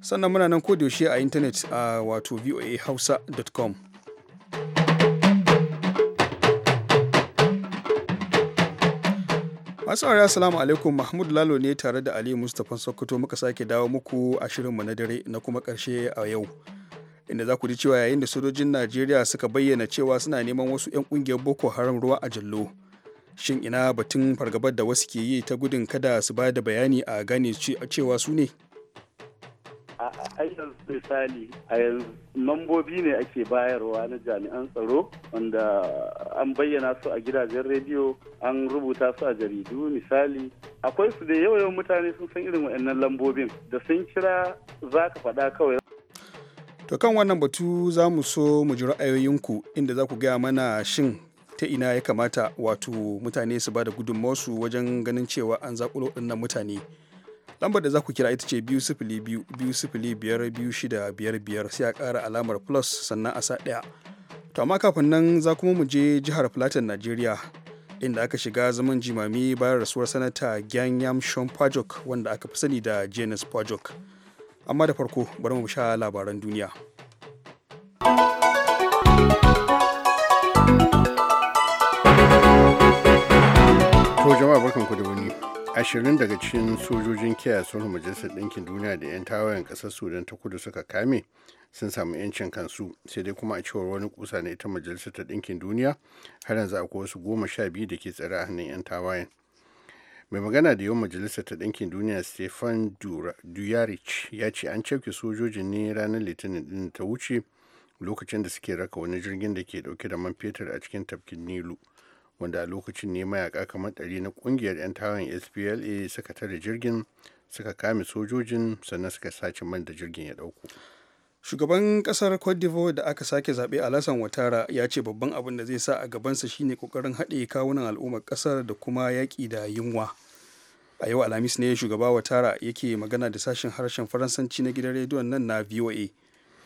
sannan muna nan yaushe a intanet a wato voahausa.com masu aure assalamu alaikum mahmud lalo ne tare da ali mustapha sokoto muka sake dawo muku a mu na dare na kuma karshe a yau inda za ku ji cewa yayin da sojojin najeriya suka bayyana cewa suna neman wasu 'yan kungiyar boko haram ruwa a jallo shin ina batun fargabar da wasu ke yi ta gudun kada su ba da bayani a gane cewa su ne a yanzu misali a yanzu mambobi ne ake bayarwa na jami'an tsaro wanda an bayyana su a gidajen rediyo an rubuta su a jaridu misali akwai su da yawan mutane sun san irin wa'annan lambobin da sun kira za ka faɗa kawai to kan wannan batu za mu so mu ji ra'ayoyinku inda za ku gaya mana shin ta ina ya kamata wato mutane su ba da gudunmawarsu wajen ganin cewa an zaƙulo waɗannan mutane lambar da za ku kira ita ce biyu sifili biyu sifili biyar biyu shida biyar biyar sai a kara alamar plus sannan a sa ɗaya to amma kafin nan za kuma mu je jihar plateau najeriya inda aka shiga zaman jimami bayan rasuwar sanata gyanyam shon pajok wanda aka fi sani da janis pajok amma da farko bari mu sha labaran duniya to jama'a barkan da wani ashirin daga cikin sojojin kiyaye sulhu majalisar ɗinkin duniya da 'yan tawayen ƙasar sudan ta kudu suka kame sun samu 'yancin kansu sai dai kuma a cewar wani kusa na ita majalisar ta ɗinkin duniya har yanzu akwai wasu goma sha biyu da ke tsare a hannun 'yan tawayen mai magana da yawan majalisar ta ɗinkin duniya stefan duyarich ya ce an cefke sojojin ne ranar litinin ɗin ta wuce lokacin da suke raka wani jirgin da ke ɗauke da man fetur a cikin tafkin nilu wanda a lokacin ne mayaka kamar ɗari na ƙungiyar 'yan tawon spla suka tare jirgin suka kame sojojin sannan suka sace man da jirgin ya ɗauko shugaban ƙasar cote d'ivoire da aka sake zaɓe alasan watara ya ce babban abin da zai sa a gabansa shine ƙoƙarin haɗe kawunan al'ummar ƙasar da kuma yaƙi da yunwa a yau alhamis ne shugaba watara yake magana da sashen harshen faransanci na gidan rediyon nan na voa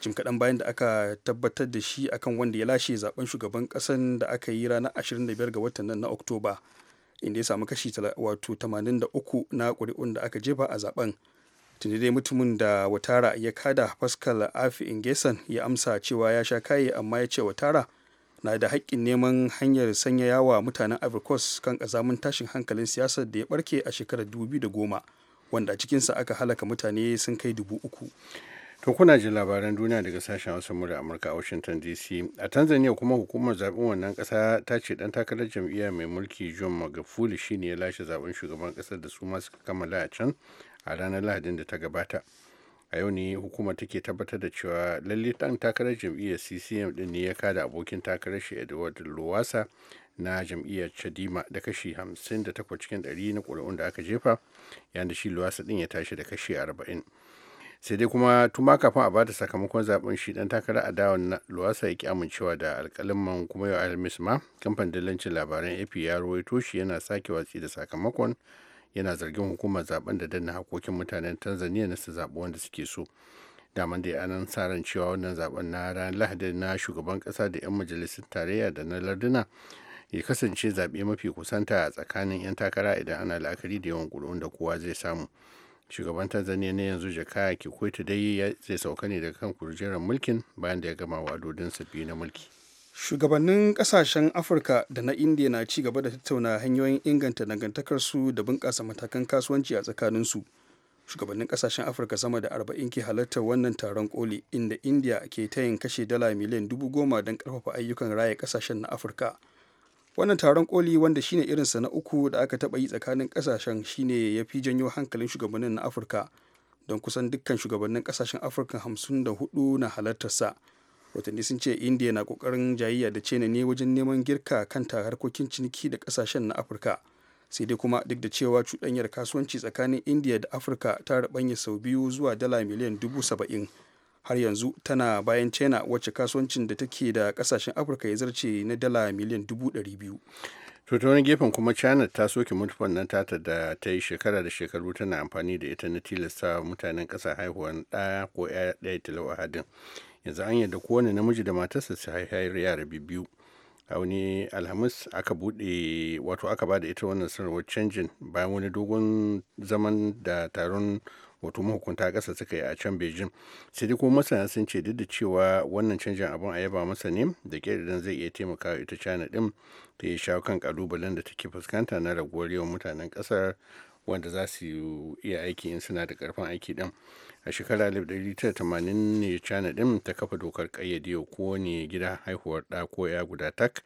jim kaɗan bayan da aka tabbatar da shi akan wanda ya lashe zaben shugaban ƙasan da aka yi ranar 25 ga watan nan na oktoba inda ya samu kashi wato 83 na ƙuri'un da aka jefa a zaben tunda dai mutumin da watara ya kada pascal afi ingesan ya amsa cewa ya sha kaye amma ya ce watara na da haƙƙin neman hanyar sanyaya wa mutanen Coast kan ƙazamin tashin hankalin siyasar da ya barke a shekarar 2010 wanda a cikinsa aka halaka mutane sun kai dubu uku. To kuna ji labaran duniya daga sashen wasu murya Amurka a Washington DC. A Tanzania kuma hukumar zaben wannan kasa ta ce dan takarar jam'iyya mai mulki John Magufuli shine ya lashe zaben shugaban kasar da su ma suka kammala a can a ranar Lahadin da ta gabata. A yau ne hukumar take tabbatar da cewa lalle dan takarar jam'iyyar CCM din ne ya kada abokin takarar shi Edward Lowasa na jam'iyyar Chadima da kashi 58 cikin 100 na ƙuri'un da aka jefa yayin da shi Lowasa din ya tashi da kashi 40. sai dai kuma tuma kafin a ba da sakamakon zaben shi dan takara a dawon luwasa ya ki amincewa da alkaliman kuma yau alhamis ma kamfan dillancin labaran ap ya rawaito shi yana sake watsi da sakamakon yana zargin hukumar zaben da danna hakokin mutanen tanzania na su zaɓi wanda suke so daman da anan sa ran cewa wannan zaben na ranar lahadi na shugaban kasa da 'yan majalisar tarayya da na larduna ya kasance zaɓe mafi kusanta a tsakanin 'yan takara idan ana la'akari da yawan ƙuri'un da kowa zai samu shugaban tanzania na yanzu jakaya kikwete dai zai sauka ne daga kan kujerar mulkin bayan da ya gama wadodinsa biyu na mulki shugabannin kasashen afirka da na indiya na ci gaba da tattauna hanyoyin inganta dangantakarsu da bunƙasa matakan kasuwanci a tsakaninsu shugabannin kasashen afirka sama da arba'in ke halartar wannan taron koli inda indiya ke tayin kashe dala miliyan dubu goma don karfafa ayyukan raya kasashen na afirka wannan taron koli wanda shine irinsa na uku da aka taba yi tsakanin kasashen shine ya fi janyo hankalin shugabannin na afirka don kusan dukkan shugabannin kasashen afirka hamsin da hudu na halartarsa watanni sun ce india na kokarin jayayya da china ne wajen neman girka kanta harkokin ciniki da kasashen na afirka sai dai kuma duk da cewa cuɗanyar kasuwanci tsakanin india da afirka ta rabanya sau biyu zuwa dala miliyan dubu saba'in har yanzu tana bayan china wacce kasuwancin da take da kasashen afirka ya zarce na dala miliyan dubu ɗari biyu to wani gefen kuma china ta soke mulkon nan tata da ta yi shekara da shekaru tana amfani da ita na tilasta mutanen ƙasa haihuwan ɗaya ko ɗaya talau a yanzu an yadda kowane namiji da matarsa su haihayar yara biyu a wani alhamis aka buɗe wato aka ba da ita wannan sanarwar canjin bayan wani dogon zaman da taron wato mahukunta ƙasa suka yi a can beijing sai dai kuma masana sun ce duk da cewa wannan canjin abin a yaba masa ne da ƙirƙirin zai iya taimakawa ita china ɗin ta yi shawo kan kalubalen da take fuskanta na raguwar yawan mutanen ƙasar wanda za su iya aiki in suna da karfin aiki ɗin a shekara 1980 ne china din ta kafa dokar kayyade ko ne gida haihuwar ɗa ko ya guda tak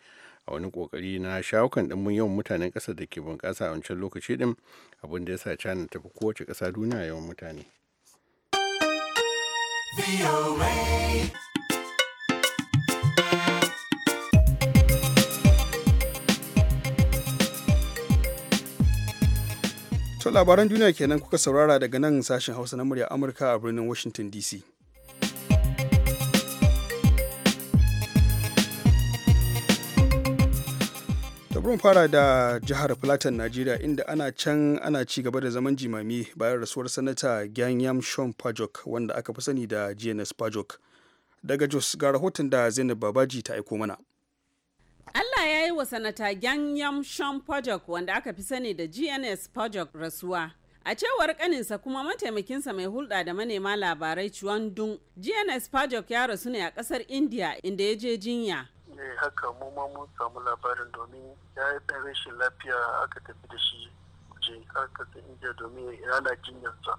a wani kokari na shawukan ɗimbin yawan mutanen ƙasar da ke bunƙasa a wancan lokaci ɗin abin da ya sa china ta fi kowace ƙasa duniya yawan mutane To labaran duniya kenan kuka saurara daga nan sashen Hausa na murya Amurka a birnin Washington DC. ta fara da jihar Plateau, Najeriya inda ana can ana ci gaba da zaman jimami bayan rasuwar sanata Gyanyam Sean Pajok wanda aka fi sani da GNS Pajok. Daga Jos ga rahoton da Zainab Babaji ta aiko mana. Allah ya yi wa sanata Gyanyam Sean Pajok wanda aka fi sani da GNS Pajok rasuwa. A cewar kaninsa kuma mataimakinsa mai hulɗa da manema labarai Chuan Dung, GNS Pajok ya rasu ne a ƙasar India inda ya je jinya. ne haka mu ma mun samu labarin domin ya yi ɗan rashin lafiya aka tafi da shi je aka ta inda domin yana jinyarsa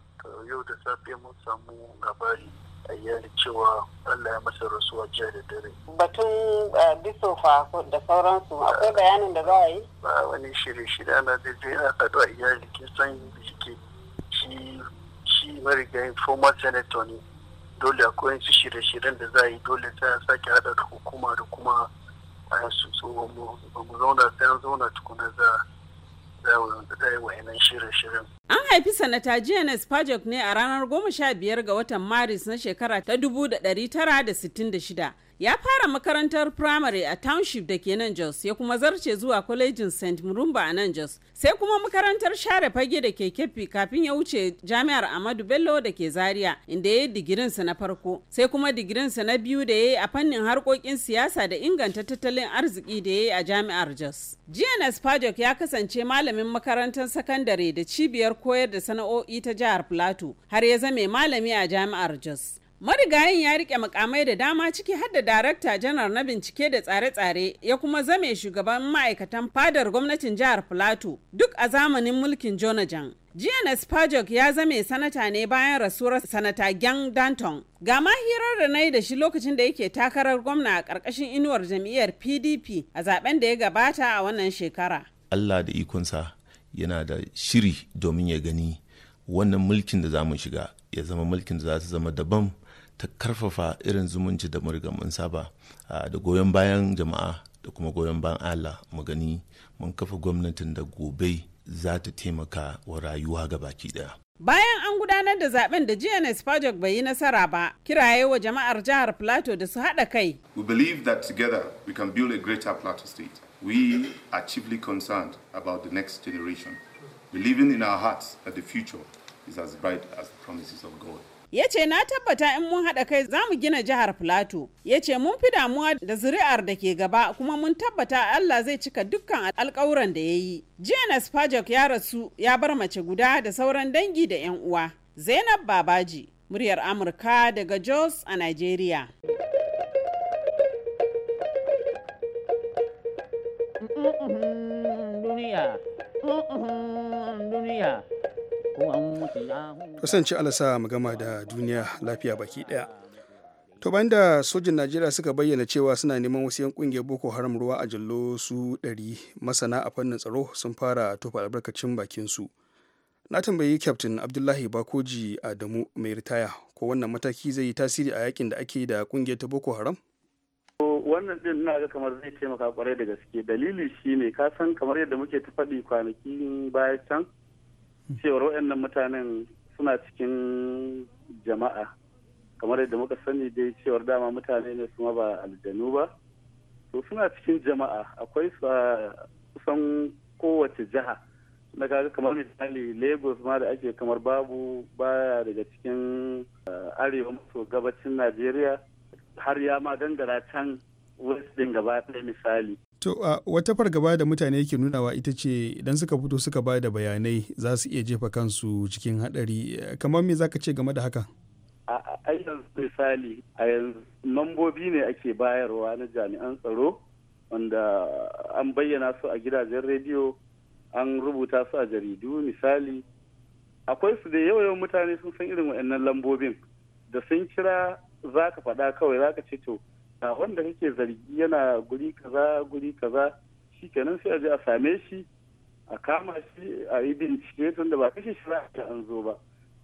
yau da safe mun samu labari a iyali cewa Allah ya masa rasuwa jiya da dare. Batun bisofa da sauransu akwai bayanin da za a yi? Ba wani shirye-shirye ana da zai haɗu a iyali kin san jiki shi shi marigayin former senator ne. dole akwai su shirye-shiryen da za a yi dole ta sake hada da hukuma da kuma a su so ba mu zauna sai an zauna tukuna za za yi wayanan shirye-shiryen. An haifi sanata GNS Pajok ne a ranar goma sha biyar ga watan Maris na shekara ta dubu da da da tara sittin shida ya fara makarantar primary a township da ke nan jos ya kuma zarce zuwa kwalejin st murumba a nan jos sai kuma makarantar share fage da ke kefi kafin ya wuce jami'ar amadu bello da ke zaria inda ya yi digirinsa na farko sai kuma digirinsa na biyu da ya yi a fannin harkokin siyasa da inganta tattalin arziki da ya yi a jami'ar jos gns pajok ya kasance malamin makarantar sakandare da cibiyar koyar da sana'o'i ta jihar plateau har ya zame malami a jami'ar jos marigayin ya rike makamai da dama ciki har da darakta janar na bincike da tsare-tsare ya kuma zame shugaban ma'aikatan fadar gwamnatin jihar plateau duk a zamanin mulkin jonajan gns pajok ya zame sanata ne bayan rasuwar sanata gyan danton ga ma hirar da na yi da shi lokacin da yake takarar gwamna a ƙarƙashin inuwar jam'iyyar pdp a zaben da ya gabata a wannan shekara allah da ikonsa yana da shiri domin ya gani wannan mulkin da za shiga ya zama mulkin da za su zama daban ta karfafa irin zumunci da murga mun saba da goyon bayan jama'a da kuma goyon bayan Allah mu gani mun kafa gwamnatin da gobe za ta taimaka wa rayuwa ga baki daya. Bayan an gudanar da zaben da GNS Project bai yi nasara ba, kiraye wa jama'ar jihar Plateau da su haɗa kai. We believe that together we can build a greater Plateau state. We are chiefly concerned about the next generation, believing in our hearts that the future is as bright as the promises of God. ya ce na tabbata in mun haɗa kai za mu gina jihar filato ya ce mun fi damuwa da zuri'ar da ke gaba kuma mun tabbata allah zai cika dukkan alkawuran da ya yi jns pajok ya rasu ya bar mace guda da sauran dangi da 'yan uwa zainab babaji muryar amurka daga jos a nigeria duniya duniya kasance alasa mu gama da duniya lafiya baki daya to bayan da sojin najeriya suka bayyana cewa suna neman wasu yan kungiyar boko haram ruwa a jallo su 100 masana a fannin tsaro sun fara tofa albarkacin bakin su na tambayi kyaftin abdullahi bakoji adamu mai ritaya ko wannan mataki zai yi tasiri a yakin da ake da kungiyar ta boko haram wannan din na ga kamar zai taimaka kwarai da gaske dalili shine ka san kamar yadda muke ta faɗi kwanakin baya can cewar waɗannan mutanen suna cikin jama'a kamar yadda muka sani dai cewar dama mutane ne su ba aljanu ba to suna cikin jama'a akwai su kusan kowace jiha na kaga kamar misali lagos ma da ake kamar babu baya daga cikin eh, arewa maso gabacin najeriya har ya ma gangara can west din gaba ɗaya misali To uh, wata fargaba da mutane ke nunawa ita ce idan suka fito suka ba da bayanai za su iya jefa kansu cikin hadari kamar me zaka ce game da haka? A yanzu misali a yanzu lambobi ne ake bayarwa na jami'an tsaro wanda an bayyana su a gidajen rediyo an rubuta su a jaridu misali akwai su da yawan mutane sun san irin waɗannan lambobin da sun kira za ka faɗa kawai za ka ce to ga wanda kake zargi yana guri kaza guri kaza shi kenan sai a je a same shi a kama shi a yi bincike tunda ba kashe shi za a an zo ba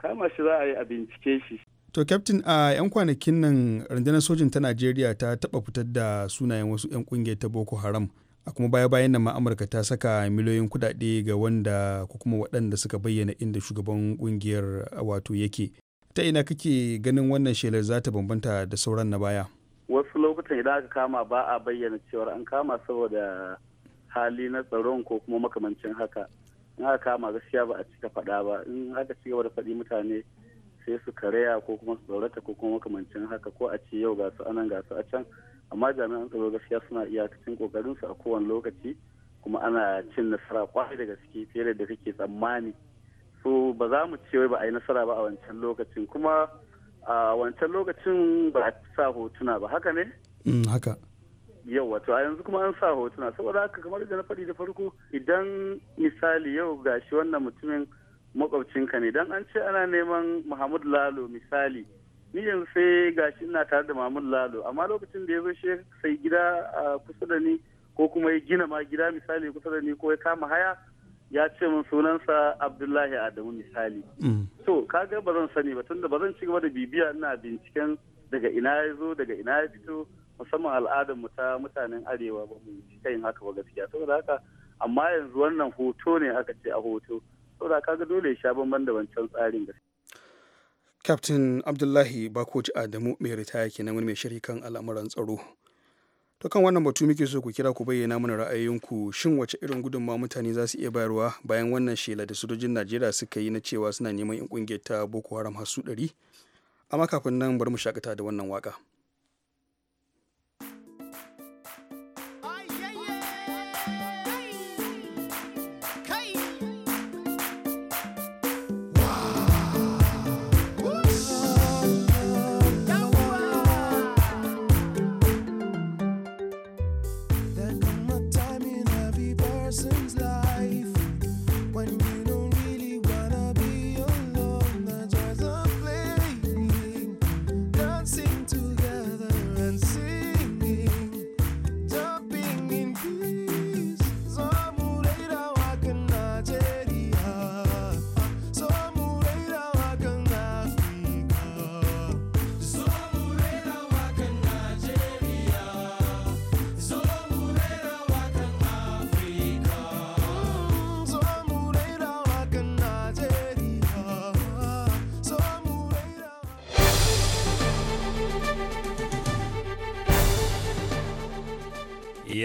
kama shi za a yi a bincike shi to kyaftin a yan kwanakin nan rundunar sojin ta najeriya ta taba fitar da sunayen wasu yan kungiyar ta boko haram a kuma baya bayan nan ma amurka ta saka miliyoyin kudade ga wanda ko kuma waɗanda suka bayyana inda shugaban kungiyar wato yake ta ina kake ganin wannan shelar za ta bambanta da sauran na baya lokutan idan aka kama ba a bayyana cewar an kama saboda hali na tsaron ko kuma makamancin haka in aka kama gaskiya ba a cika faɗa ba in aka ci da faɗi mutane sai su karaya ko kuma su tsorata ko kuma makamancin haka ko a ce yau gasu anan gasu a can amma jami'an tsaro gaskiya suna iyakacin kokarin su a kowane lokaci kuma ana cin nasara kwari da gaske fiye da kake tsammani so ba za mu ce wai ba a yi nasara ba a wancan lokacin kuma a wancan lokacin ba a sa hotuna ba haka ne? Mm, haka yau wato a yanzu kuma an sa hotuna saboda haka kamar da na faɗi da farko idan misali yau gashi wannan mutumin makwabcinka ne idan an ce ana neman Muhammadu Lalo misali ni yanzu sai gashi ina tare da Muhammadu Lalo amma lokacin da ya zo shi sai gida a kusa da ni ko kuma ya gina ma gida misali kusa da ni ko ya kama haya ya ce min sunansa abdullahi adamu misali mm. to ga ba zan sani ba tunda ba zan ci gaba da bibiya ina binciken daga ina ya zo daga ina ya fito musamman al'adar mu ta mutanen arewa ba mu ci kayin haka ba gaskiya saboda haka amma yanzu wannan hoto ne aka ce a hoto saboda ga dole ya sha bamban da wancan tsarin gaskiya Captain Abdullahi Bakoji Adamu mai ritaya kenan wani mai shiri kan al'amuran tsaro. to kan wannan batu muke so ku kira ku bayyana mana ra'ayoyinku shin wace irin gudunmawa mutane za su iya bayarwa bayan wannan shela da sojojin najeriya suka yi na cewa suna neman yan kungiyar ta boko haram har su ɗari amma kafin nan bari mu shakata da wannan waka.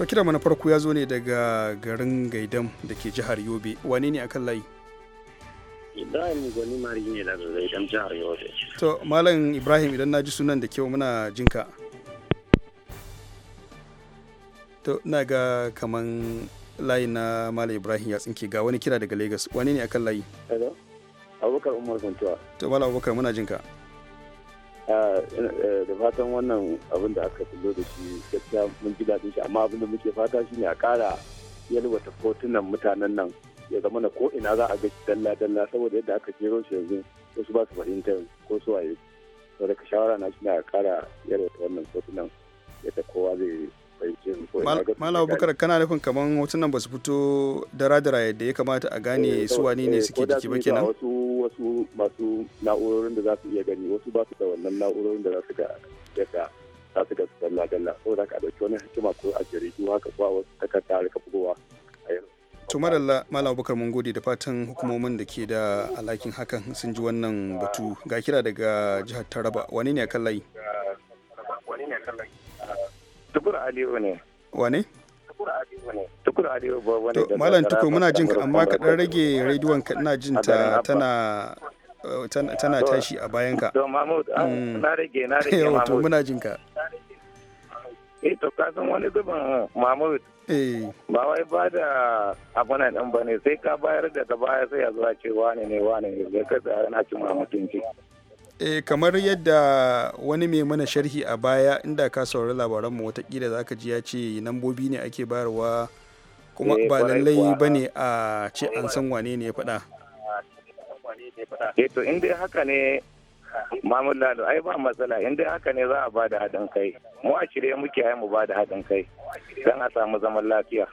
to kira mana farko ya zo ne daga garin gaidam da ke jihar yobe wane ne akan layi ibrahim gwani mari ne daga gaidam jihar yobe to malam ibrahim idan na ji sunan da kyau muna jinka to na ga kaman layi na malam ibrahim ya tsinke ga wani kira daga lagos wane ne akan layi abubakar umar kuntuwa to malam abubakar muna jinka Eh, da fatan wannan abin da aka tullo da shi gaskiya mun ji daɗin shi amma abin da muke fata shi ne a ƙara yalwata kotunan mutanen nan ya zama na ko ina za a ga dalla dalla saboda yadda aka jero shi yanzu wasu ba su fahimtar ko su waye to da shawara na shi ne a ƙara yalwata wannan kotunan yadda kowa zai ga Abubakar kana nufin kamar hotunan ba su fito dara-dara yadda ya kamata a gane eh, su wani ne eh, suke jiki ba kenan? wasu masu na'urorin da za su iya gani wasu ba su da wannan na'urorin da za su ga yadda za su ga su dalla dalla za ka dauki wani hikima ko a ko haka ko a wasu takarda harka bugowa a yau. to madalla malam abubakar mun gode da fatan hukumomin da ke da alhakin hakan sun ji wannan batu ga kira daga jihar taraba wani ne a kan layi. tukur aliyu ne. wane. tukur arewa ba wani malam tukur muna jin ka amma ka dan rage rediyon ka ina jin ta eh, tana tana tashi a bayan ka to mahmud ah, mm. na rage na rage mahmud to muna jin ka eh to ka san wani zuban mahmud eh. ba wai ba da abuna dan bane sai ka bayar da ta baya sai ya zuwa ce ne, ne wani ne sai ka tsara na cin ki eh, kamar yadda wani mai mana sharhi a baya inda ka saurari labaranmu watakila za ka ji ya ce nambobi ne ake bayarwa kuma eh, ba lallai ba ne a ce an san wane ne ya faɗa. Eh, to in dai haka ne mamun lalo ai ba matsala in dai haka ne za a ba da haɗin kai mu a shirye muke ai mu ba da haɗin kai don a samu zaman lafiya.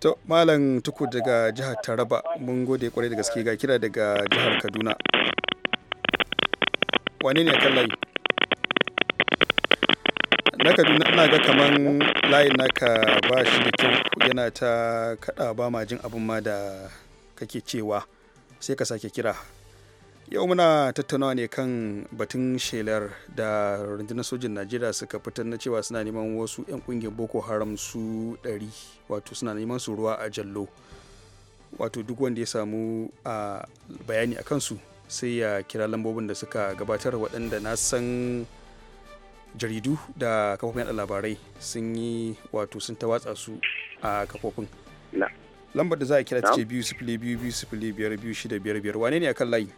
To Malam Tuku daga jihar Taraba mun gode kwarai da gaske ga kira daga jihar Kaduna. wani ne kan layi na kaduna ina ga kaman layi naka ba shi da kyau yana ta kada ba ma jin abin ma da kake cewa sai ka sake kira yau muna tattaunawa ne kan batun shelar da rundunar sojin najeriya suka fitar na cewa suna neman wasu 'yan kungiyar boko haram su 100 wato suna neman su ruwa a jallo wato duk wanda ya samu a ah, bayani a kansu sai ya kira lambobin da suka gabatar waɗanda na san jaridu da kafofin yada labarai sun yi wato sun ta watsa su a kafofin lambar da za a kira ta ce biyu sifili biyu biyu sifili biyar biyu shida biyar biyar wane ne a kan layi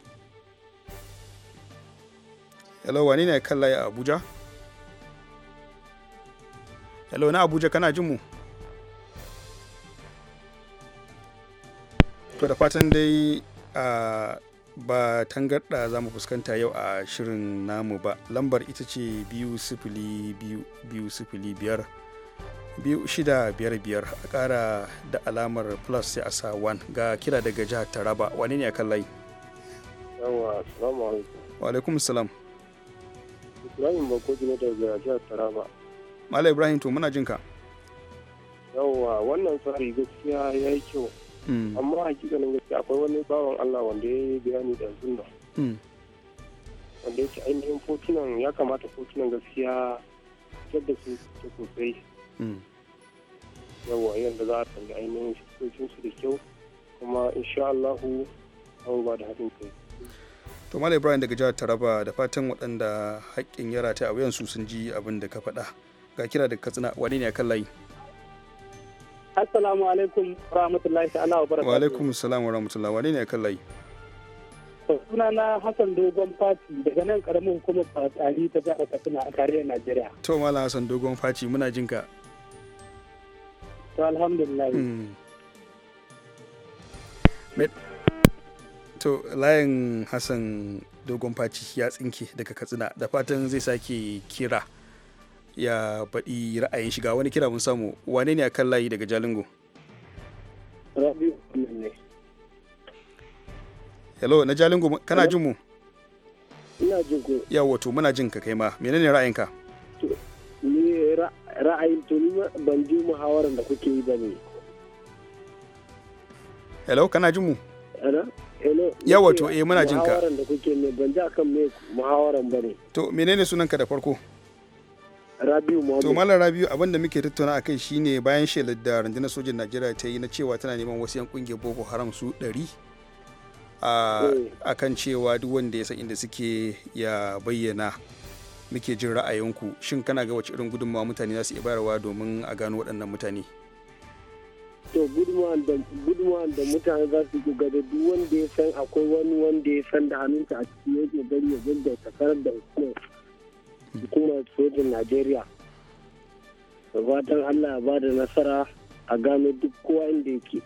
hello wane ne a kan layi a abuja hello na abuja kana jin mu to da fatan dai a ah, ba tangarɗa za mu fuskanta yau a shirin namu ba lambar ita ce biyu sifili biyu biyu sifili biyar biyu shida biyar biyar a ƙara da alamar plus sai a sa wan ga kira daga jihar taraba wane ne a kan layi yawa salamu alaikum wa alaikum salam ibrahim ba bakoji ne daga jihar taraba malam ibrahim to muna jinka yawa wannan tsari gaskiya ya yi kyau Mm. amma hakikanin gaske akwai wani bawan Allah wanda ya yi bayani da zunna mm. wanda ya ce ainihin fotunan ya kamata fotunan gaskiya da su ta sosai mm. yawa yadda za a kalli ainihin su da kyau kuma insha Allahu an ba da haɗin kai to malai ibrahim daga jihar taraba da fatan waɗanda haƙƙin yara ta a su sun ji abin da ka faɗa ga kira da katsina wani ne a kan layi Assalamu alaikum rahmatullahi ta'ala wa barakatuhu. Wa alaikum assalam wa rahmatullahi wa ne kan layi? Suna na Hassan Dogon Fati daga nan karamin hukumar Fatsari ta jihar Katsina a tarayyar Najeriya. To Malam Hassan Dogon Fati muna jin ka. To alhamdulillah. Hmm. To layin Hassan Dogon Fati ya tsinke daga Katsina da fatan zai sake kira. ya faɗi ra'ayin shiga wani kira mun samu wane ne akan layi daga jalingo hello na jalingo kana jin mu ina jin ku yawa to muna jin ka kai ma menene ra'ayinka ni ra'ayin to ni ban ji muhawaran da kuke yi bane hello kana jin mu yawa to eh muna jin ka muhawaran da kuke ne ban ji akan me muhawaran bane to menene sunanka da farko Rabiu To Malam Rabiu abin da muke tattauna a kai shine bayan shelar da rundunar sojin Najeriya ta yi na cewa tana neman wasu 'yan kungiyar Boko Haram su 100 eh. a kan cewa duk wanda ya san inda suke ya bayyana muke jin ra'ayinku shin kana ga wace irin gudunmawa mutane za su iya bayarwa domin a gano waɗannan mutane. to gudunmawa da mutane za su ga da duk wanda ya san akwai wani wanda ya san da hannunta a cikin yake gari ya gaggauta da hukumar hukumar sojin najeriya da fatan allah ya bada nasara a gano duk kowa inda yake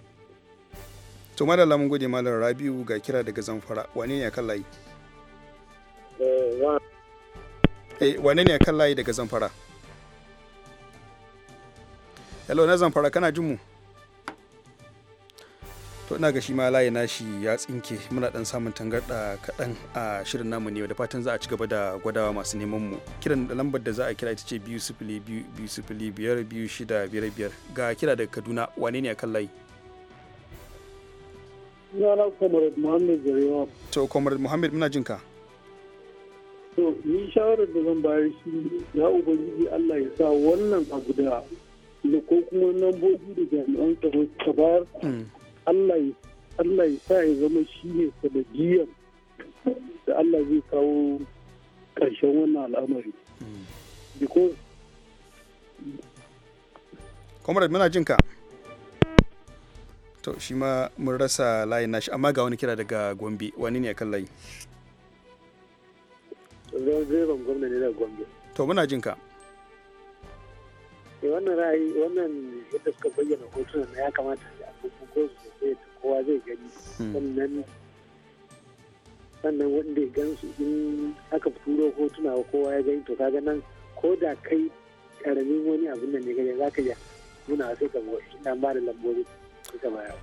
to madalla mun gode malam rabiu ga kira daga zamfara wane ne kan layi eh, eh, wane ne kan layi daga zamfara hello na zamfara kana jin mu to ina ga shi ma layi nashi ya tsinke muna dan samun tangarda kaɗan a shirin namu ne da fatan za a ci gaba da gwadawa masu neman mu kiran da lambar da za a kira ita ce biyu sifili biyu biyu sifili biyar biyu shida biyar biyar ga kira daga kaduna wane ne a kan layi Sunana Comrade Muhammad Zarewa. To, Comrade Muhammad muna jinka. To, ni shawarar da zan bayar shi ya Ubangiji Allah ya sa wannan abu da ko kuma nan bobi da jami'an tsaro ta bayar hmm. Allah ya sa ya zama shi ne sanadiyar da Allah zai kawo ƙarshen wannan al'amari. Because comrade muna jin ka to shi ma mun rasa layin nashi amma ga wani kira daga gombe wani ne kan layi zaiban gwamna ne daga gombe to muna jin ka eh, wannan ra'ayi wannan yadda suka bayyana hotunan ya kamata bugun da kowa zai gani hmm. sannan wanda ya gansu in aka turo tunawa kowa ya gani to kaga nan ko da kai karamin wani abin nan ne gani za ka iya nuna sai ka ina ba da lambobi ka baya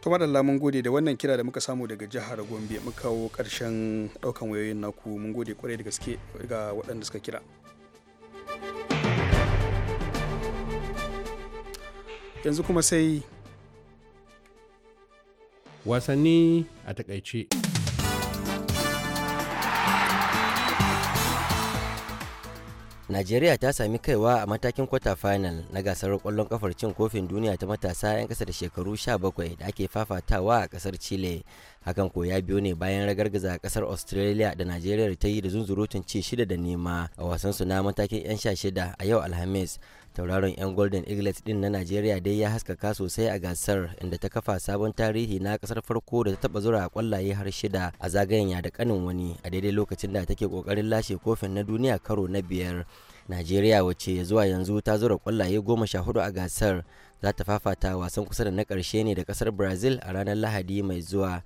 to madalla mun gode da wannan kira da muka samu daga jihar gombe muka kawo karshen daukan wayoyin naku mun gode kwarai da gaske ga waɗanda suka kira yanzu kuma sai wasanni a takaice Najeriya ta sami kaiwa a matakin kwata final na gasar kwallon kafar cin kofin duniya ta matasa 'yan kasa da shekaru 17 da ake fafatawa a kasar Chile. Hakan ko ya biyo ne bayan ragargaza kasar Australia da Najeriya ta yi da zunzurutun ci shida da nema a wasansu na matakin 'yan sha shida a yau Alhamis. tauraron 'yan golden eagles din na nigeria dai ya haskaka sosai a gasar inda ta kafa sabon tarihi na kasar farko da ta taba zura a kwallaye har shida a zagayen ya da kanin wani a daidai lokacin da take kokarin lashe kofin na duniya karo na biyar najeriya wacce zuwa yanzu ta zura kwallaye goma sha hudu a gasar za ta fafata wasan kusa da na karshe ne da kasar brazil a ranar lahadi mai zuwa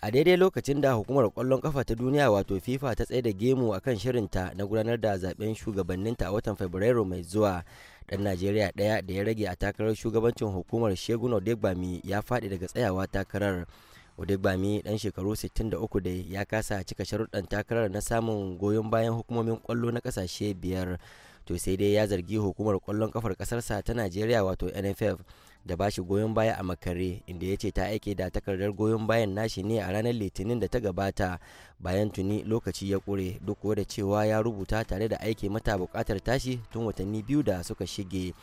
a daidai lokacin da hukumar kwallon kafa ta duniya wato fifa ta tsaye da gemu a akan shirinta na gudanar da zaben shugabanninta a watan fabrairu mai zuwa dan najeriya ɗaya da ya rage a takarar shugabancin hukumar shegun odegbami ya faɗi daga tsayawa takarar odegbami dan shekaru 63 da ya kasa a cika sharuɗan takarar na samun goyon bayan hukumomin kwallo na ƙasashe biyar to sai dai ya zargi hukumar kwallon kafar ƙasarsa ta najeriya wato nff da ba shi goyon baya a makare inda ya ce ta aike da takardar goyon bayan nashi ne a ranar litinin da ta gabata bayan tuni lokaci ya kure duk da cewa ya rubuta tare da aiki mata bukatar tashi tun watanni biyu da suka shige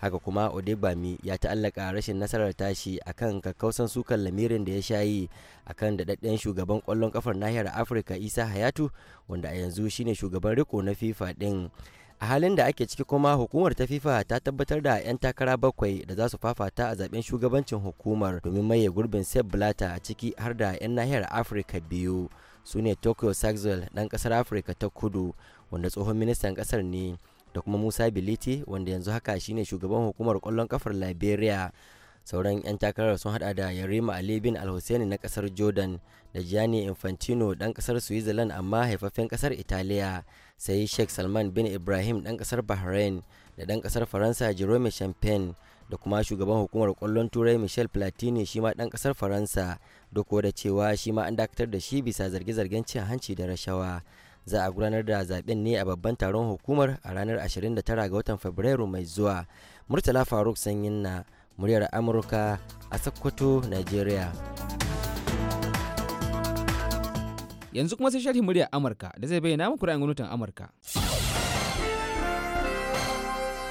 haka kuma odebami ya ta'allaka rashin nasarar tashi akan kakkausan sukan lamirin da ya sha yi akan daɗaɗɗen shugaban kwallon kafar nahiyar afirka isa hayatu wanda a yanzu shine shugaban riko na fifa ɗin a halin da ake ciki kuma hukumar ta fifa ta tabbatar da 'yan takara bakwai da za su fafata a zaben shugabancin hukumar domin maye gurbin sep blata a ciki har da 'yan nahiyar afirka biyu su ne tokyo saxwell dan kasar afirka ta kudu wanda tsohon ministan kasar ne da kuma musa biliti wanda yanzu haka shine shugaban hukumar kwallon kafar liberia sauran 'yan takarar sun hada da yarima ali bin na kasar jordan da gianni infantino dan kasar switzerland amma haifafen kasar italiya sai sheikh salman bin ibrahim dan kasar bahrain da dan kasar faransa jerome champagne da kuma shugaban hukumar kwallon turai michel platini shi ma dan kasar faransa duk da cewa shi ma an dakatar da shi bisa zarge-zargen cin hanci da rashawa za a gudanar da zaben ne a babban taron hukumar a ranar 29 ga watan fabrairu mai zuwa murtala faruk sanyin na muryar amurka a sokoto nigeria yanzu kuma sai sharhi muryar amurka da zai bayyana muku ra'ayin gwamnatin amurka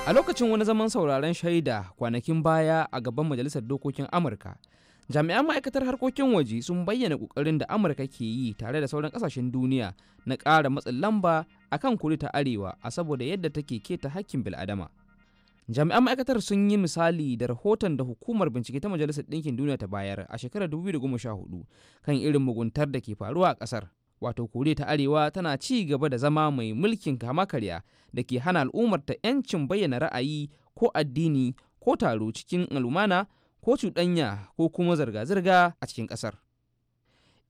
a lokacin wani zaman sauraren shaida kwanakin baya a gaban majalisar dokokin amurka jami'an ma'aikatar harkokin waje sun bayyana kokarin da amurka ke yi tare da sauran kasashen duniya na ƙara matsin lamba a kan kuri ta arewa a saboda yadda take keta hakkin bil'adama jami'an ma'aikatar sun yi misali da rahoton da hukumar bincike ta majalisar ɗinkin duniya ta bayar a shekarar 2014 kan irin muguntar da ke faruwa a ƙasar wato koriya ta arewa tana ci gaba da zama mai mulkin kama karya da ke hana al'ummar ta 'yancin bayyana ra'ayi ko addini ko taro cikin alumana ko cuɗanya ko kuma zirga-zirga a cikin ƙasar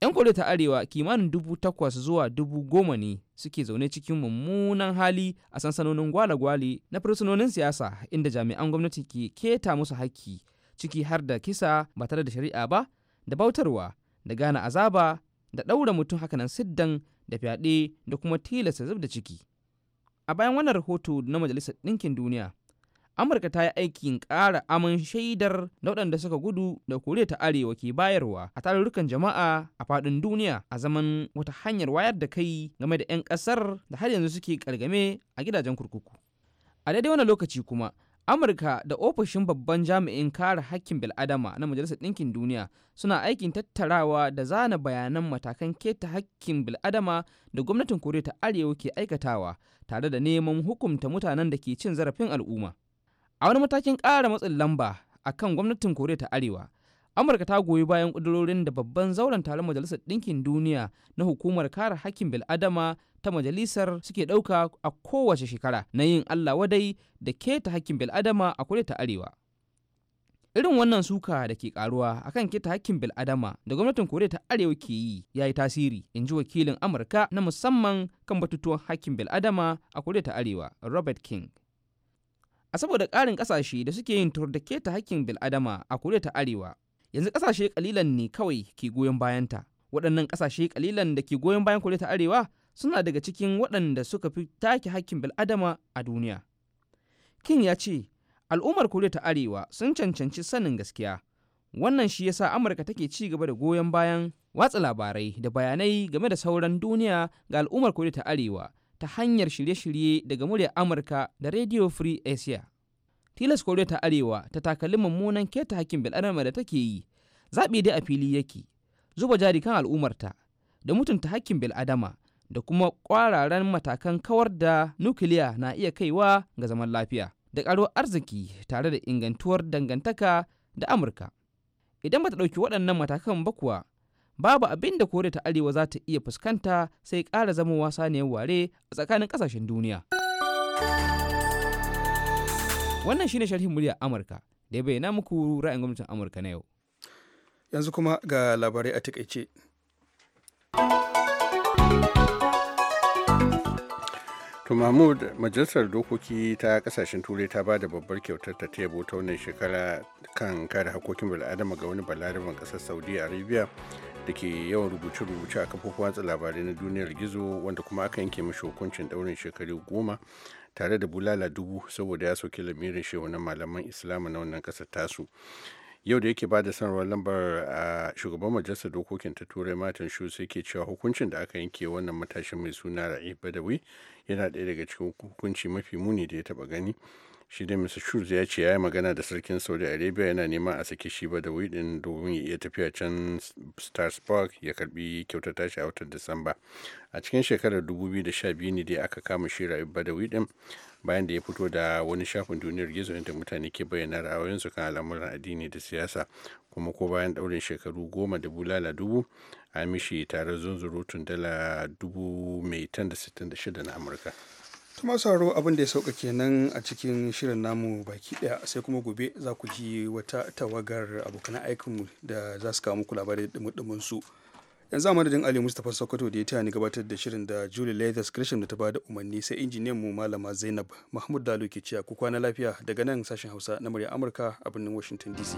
'yan koriya ta arewa kimanin dubu takwas zuwa dubu goma ne suke zaune cikin mummunan hali a sansanonin gwale-gwale na fursunonin siyasa inda jami'an gwamnati ke keta musu haƙƙi ciki har da kisa ba tare da shari'a ba da bautarwa da gane azaba da ɗaura mutum hakanan siddan da fyaɗe da kuma tilasta zub da ciki a bayan wannan rahoto na majalisar ɗinkin duniya amurka ta yi aikin ƙara aman shaidar na waɗanda suka gudu da koriya ta arewa ke bayarwa a tarurrukan jama'a a faɗin duniya a zaman wata hanyar wayar da kai game da 'yan ƙasar da har yanzu suke ƙargame a gidajen kurkuku a daidai wani lokaci kuma amurka da ofishin babban jami'in kare hakkin bil'adama na majalisar ɗinkin duniya suna aikin tattarawa da zana bayanan matakan keta hakkin bil'adama da gwamnatin koriya ta arewa ke aikatawa tare da neman hukunta mutanen da ke cin zarafin al'umma a wani matakin ƙara matsin lamba a kan gwamnatin koriya ta arewa amurka ta goyi bayan ƙudurorin da babban zauren taron majalisar ɗinkin duniya na hukumar kare hakkin bil'adama ta majalisar suke ɗauka a kowace shekara na yin allah wadai da keta hakkin bil'adama a koriya ta arewa irin wannan suka da ke karuwa a akan keta hakkin bil'adama da gwamnatin koriya ta arewa ke yi ya yi tasiri in ji wakilin amurka na musamman kan batutuwan hakkin bil'adama a koriya ta arewa robert king a saboda ƙarin ƙasashe da suke yin da ta hakkin bil'adama a koriya ta arewa yanzu ƙasashe kalilan ne kawai ke goyon bayanta waɗannan ƙasashe kalilan da ke goyon bayan koriya ta arewa suna daga cikin waɗanda suka fi take hakkin bil'adama a duniya kin ya ce al'ummar koriya ta arewa sun cancanci sanin gaskiya wannan shi yasa amurka take ci gaba da goyon bayan watsa labarai da bayanai game da sauran duniya ga al'ummar koriya ta arewa ta hanyar shirye-shirye daga murya Amurka da Radio Free Asia. Tilas Koriya ta Arewa ta takalli mummunan keta hakkin bil'adama da take yi, zaɓi dai a fili yake, zuba jari kan al'ummarta da mutunta hakkin bil'adama da kuma ƙwararan matakan kawar da nukiliya na iya kaiwa ga zaman lafiya da ƙaro arziki tare da ingantuwar dangantaka da Amurka. Idan ba ta ɗauki waɗannan matakan ba kuwa, babu abin da koriya ta arewa za ta iya fuskanta sai ƙara wasa ne ware a tsakanin ƙasashen duniya wannan shine sharhin muryar amurka da ya bayyana muku ra'ayin gwamnatin amurka na yau yanzu kuma ga labarai a takaice To Mahmud Majalisar Dokoki ta kasashen Turai ta ba da babbar kyautar ta tebo ta wannan shekara kan kare hakokin bil'adama ga wani balaraban kasar Saudi Arabia da ke yawan rubuce-rubuce a kafofin watsa labarai na duniyar gizo wanda kuma aka yanke mashi hukuncin daurin shekaru goma tare da bulala dubu saboda ya soki lamirin shewa na malaman islamu na wannan kasar tasu. yau da yake ba da sanarwar lambar a shugaban majalisar dokokin ta turai martin sai ke cewa hukuncin da aka yanke wannan matashin mai suna ra'i badawi yana ɗaya daga cikin hukunci mafi muni da ya taɓa gani shi dai mr schulz ya ce ya yi magana da sarkin saudi arabia yana neman a saki shi ba da ɗin domin ya iya tafiya can park ya karbi kyautar tashi a watan disamba a cikin shekarar 2012 ne da aka kama shi ba da wuyi bayan da ya fito da wani shafin duniyar gizo inda mutane ke bayyana ra'ayoyinsu kan al'amuran addini da siyasa kuma ko bayan ɗaurin shekaru goma da bulala dubu a mishi tare zunzurutun dala dubu mai tan da sittin da shida na amurka kuma sauro abin da ya sauka kenan a cikin shirin namu baki daya sai kuma gobe za ku ji wata tawagar abokan aikinmu da za su kawo muku labarai dumin su yanzu a madadin ali mustapha sokoto da ya ta ni gabatar da shirin da julie leathers gresham da ta bada umarni sai injiniyan mu malama zainab mahmud dalo ke ciya ku kwana lafiya daga nan sashen hausa na murya amurka a birnin washington dc